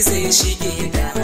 zai shige da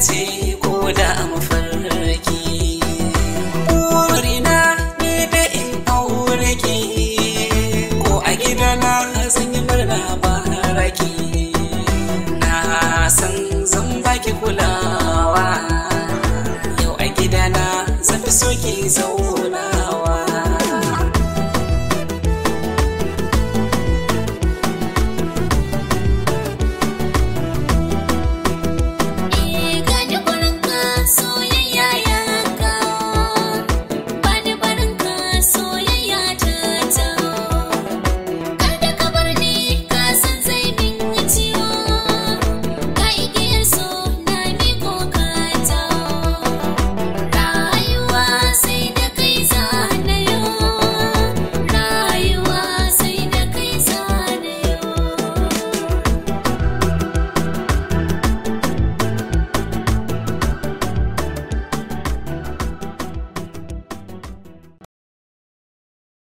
ce ko da a mafarki burina ne da in aureki ko a gida na sun yi murna baraki na san zan baki kulawa yau a gida na zan fi ki zaura